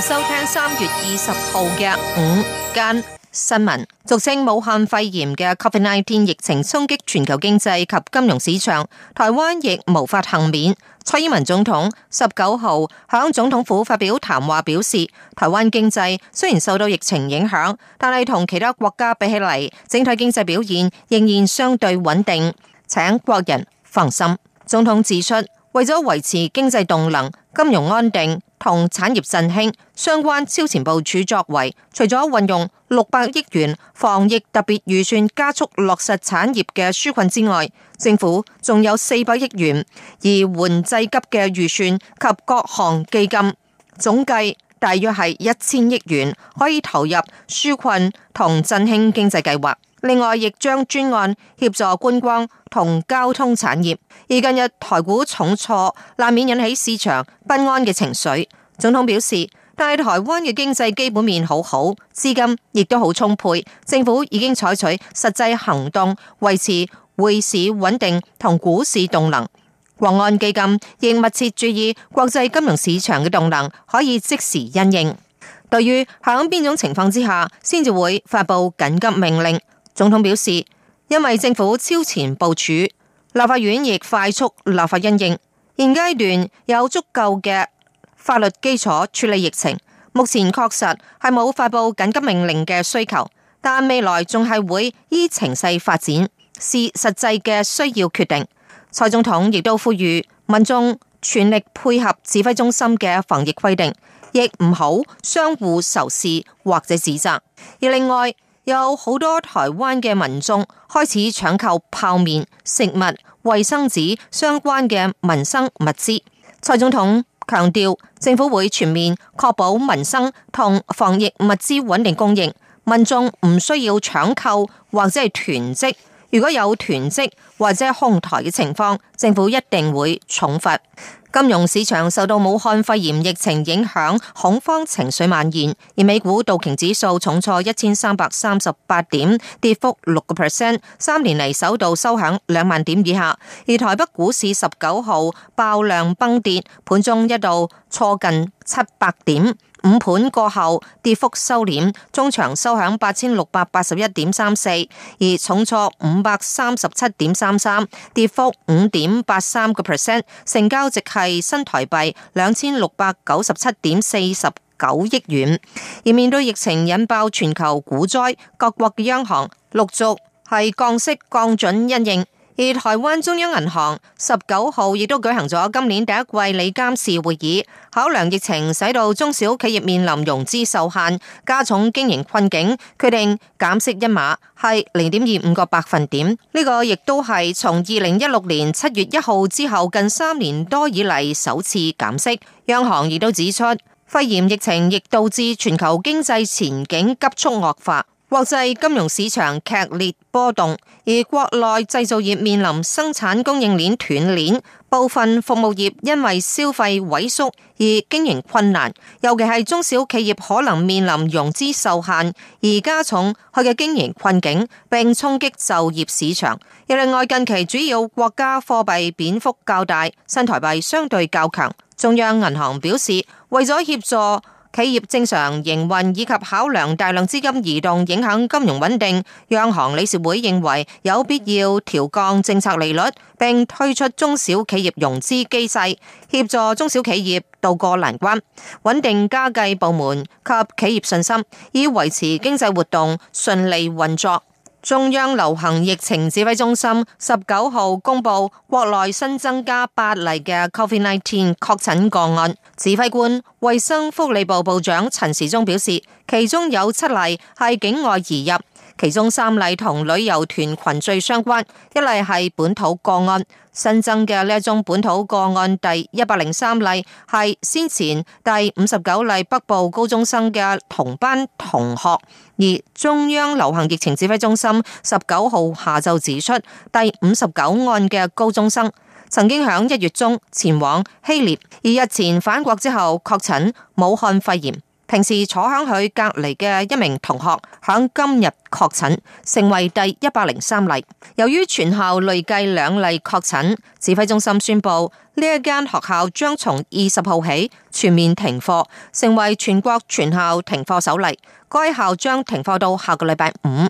收聽三月二十號嘅午間新聞，俗稱武漢肺炎嘅 COVID-19 疫情衝擊全球經濟及金融市場，台灣亦無法幸免。蔡英文總統十九號響總統府發表談話，表示台灣經濟雖然受到疫情影響，但係同其他國家比起嚟，整體經濟表現仍然相對穩定，請國人放心。總統指出，為咗維持經濟動能、金融安定。同產業振興相關超前部署作為，除咗運用六百億元防疫特別預算加速落實產業嘅紓困之外，政府仲有四百億元移緩濟急嘅預算及各項基金，總計大約係一千億元可以投入紓困同振興經濟計劃。另外，亦將專案協助觀光同交通產業。而近日台股重挫，難免引起市場不安嘅情緒。總統表示，但係台灣嘅經濟基本面好好，資金亦都好充沛，政府已經採取實際行動維持匯市穩定同股市動能。國安基金亦密切注意國際金融市場嘅動能，可以即時因應。對於喺邊種情況之下，先至會發布緊急命令。總統表示，因為政府超前部署，立法院亦快速立法因應，現階段有足夠嘅法律基礎處理疫情。目前確實係冇發佈緊急命令嘅需求，但未來仲係會依情勢發展，視實際嘅需要決定。蔡總統亦都呼籲民眾全力配合指揮中心嘅防疫規定，亦唔好相互仇視或者指責。而另外，有好多台灣嘅民眾開始搶購泡麵、食物、衛生紙相關嘅民生物資。蔡總統強調，政府會全面確保民生同防疫物資穩定供應，民眾唔需要搶購或者係囤積。如果有囤積或者空台嘅情況，政府一定會重罰。金融市場受到武漢肺炎疫情影響，恐慌情緒蔓延，而美股道瓊指數重挫一千三百三十八點，跌幅六個 percent，三年嚟首度收響兩萬點以下。而台北股市十九號爆量崩跌，盤中一度挫近七百點。五盤過後，跌幅收斂，終場收響八千六百八十一點三四，而重挫五百三十七點三三，跌幅五點八三個 percent，成交值係新台幣兩千六百九十七點四十九億元。而面對疫情引爆全球股災，各國央行陸續係降息降準因應。而台灣中央銀行十九號亦都舉行咗今年第一季理監事會議，考量疫情使到中小企業面臨融資受限，加重經營困境，決定減息一碼係零點二五個百分點。呢個亦都係從二零一六年七月一號之後近三年多以嚟，首次減息。央行亦都指出，肺炎疫情亦導致全球經濟前景急速惡化。國際金融市場劇烈波動，而國內製造業面臨生產供應鏈斷鏈，部分服務業因為消費萎縮而經營困難，尤其係中小企業可能面臨融資受限而加重佢嘅經營困境，並衝擊就業市場。又另外，近期主要國家貨幣貶幅較大，新台幣相對較強。中央銀行表示，為咗協助，企業正常營運以及考量大量資金移動影響金融穩定，央行理事會認為有必要調降政策利率，並推出中小企業融資機制，協助中小企業渡過難關，穩定家計部門及企業信心，以維持經濟活動順利運作。中央流行疫情指揮中心十九號公佈，國內新增加八例嘅 COVID-19 確診個案。指揮官、衛生福利部部長陳時中表示，其中有七例係境外移入。其中三例同旅遊團群聚相關，一例係本土個案，新增嘅呢一宗本土個案第一百零三例係先前第五十九例北部高中生嘅同班同學，而中央流行疫情指揮中心十九號下晝指出，第五十九案嘅高中生曾經響一月中前往希臘，而日前返國之後確診武漢肺炎。平時坐響佢隔籬嘅一名同學響今日確診，成為第一百零三例。由於全校累計兩例確診，指揮中心宣布呢一間學校將從二十號起全面停課，成為全國全校停課首例。該校將停課到下個禮拜五。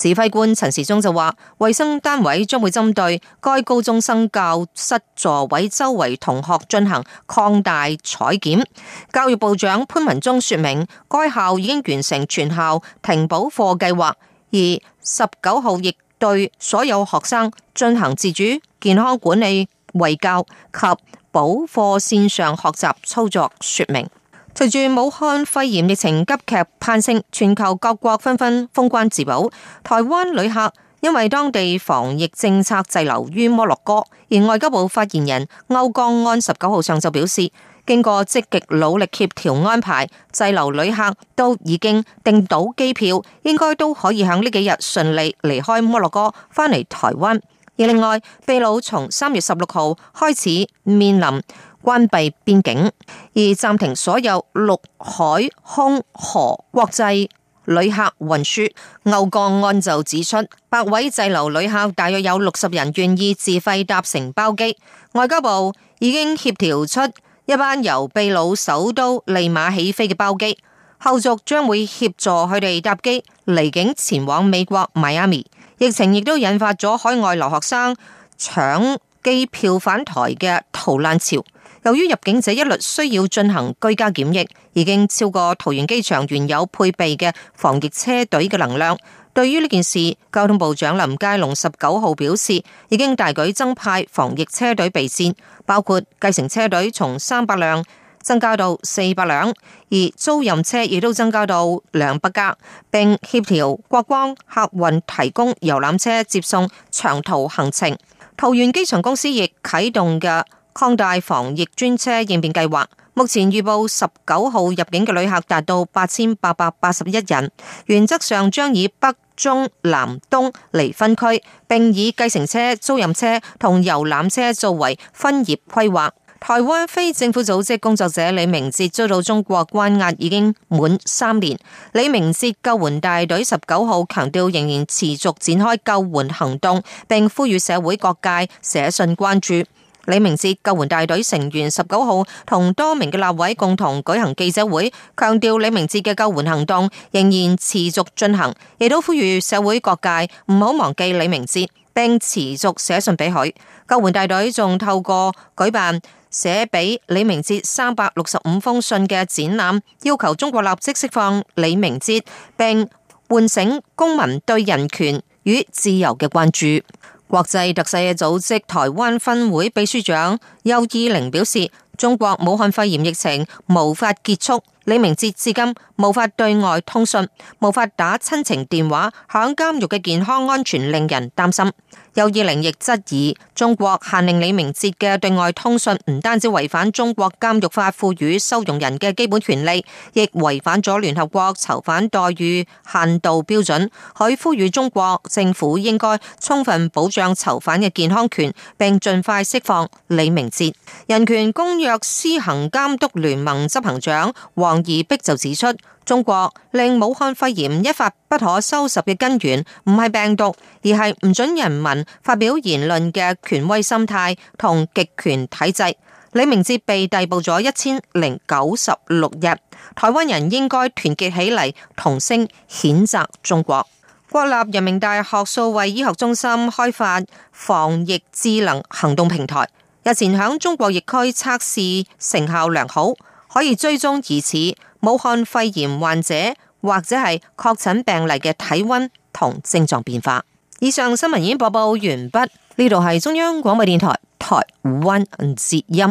指揮官陳時中就話，衛生單位將會針對該高中生教室座位周圍同學進行擴大採檢。教育部長潘文忠說明，該校已經完成全校停補課計劃，而十九號亦對所有學生進行自主健康管理、衛教及補課線上學習操作說明。隨住武漢肺炎疫情急劇攀升，全球各國紛紛封關自保。台灣旅客因為當地防疫政策滯留於摩洛哥，而外交部發言人歐江安十九號上晝，表示，經過積極努力協調安排，滯留旅客都已經訂到機票，應該都可以喺呢幾日順利離開摩洛哥，返嚟台灣。而另外，秘魯從三月十六號開始面臨，關閉邊境，而暫停所有陸、海、空、河國際旅客運輸。歐江安就指出，百位滯留旅客，大約有六十人願意自費搭乘包機。外交部已經協調出一班由秘魯首都利馬起飛嘅包機，後續將會協助佢哋搭機離境前往美國邁阿密。疫情亦都引發咗海外留學生搶機票返台嘅逃難潮。由於入境者一律需要進行居家檢疫，已經超過桃園機場原有配備嘅防疫車隊嘅能量。對於呢件事，交通部長林佳龍十九號表示，已經大舉增派防疫車隊備戰，包括計程車隊從三百輛增加到四百輛，而租賃車亦都增加到兩百架，並協調國光客運提供遊覽車接送長途行程。桃園機場公司亦啟動嘅。擴大防疫專車應變計劃，目前預報十九號入境嘅旅客達到八千八百八十一人，原則上將以北、中、南、東嚟分區，並以計程車、租賃車同遊覽車作為分業規劃。台灣非政府組織工作者李明哲遭到中國關押已經滿三年，李明哲救援大隊十九號強調仍然持續展開救援行動，並呼籲社會各界寫信關注。李明哲救援大隊成員十九號同多名嘅立委共同舉行記者會，強調李明哲嘅救援行動仍然持續進行，亦都呼籲社會各界唔好忘記李明哲，並持續寫信俾佢。救援大隊仲透過舉辦寫俾李明哲三百六十五封信嘅展覽，要求中國立即釋放李明哲，並喚醒公民對人權與自由嘅關注。國際特赦嘅組織台灣分會秘書長邱依玲表示，中國武漢肺炎疫情無法結束。李明哲至今無法對外通訊，無法打親情電話，響監獄嘅健康安全令人擔心。邱伊翎亦質疑中國限令李明哲嘅對外通訊，唔單止違反中國監獄法賦予收容人嘅基本權利，亦違反咗聯合國囚犯待遇限度標準。佢呼籲中國政府應該充分保障囚犯嘅健康權，並盡快釋放李明哲。人權公約施行監督聯盟執行長王毅迫就指出，中國令武漢肺炎一發不可收拾嘅根源，唔係病毒，而係唔准人民發表言論嘅權威心態同極權體制。李明哲被逮捕咗一千零九十六日，台灣人應該團結起嚟，同聲譴責中國。國立人民大學數位醫學中心開發防疫智能行動平台，日前響中國疫區測試成效良好。可以追蹤疑似武漢肺炎患者或者係確診病例嘅體溫同症狀變化。以上新聞已經播報完畢，呢度係中央廣播電台台灣之音。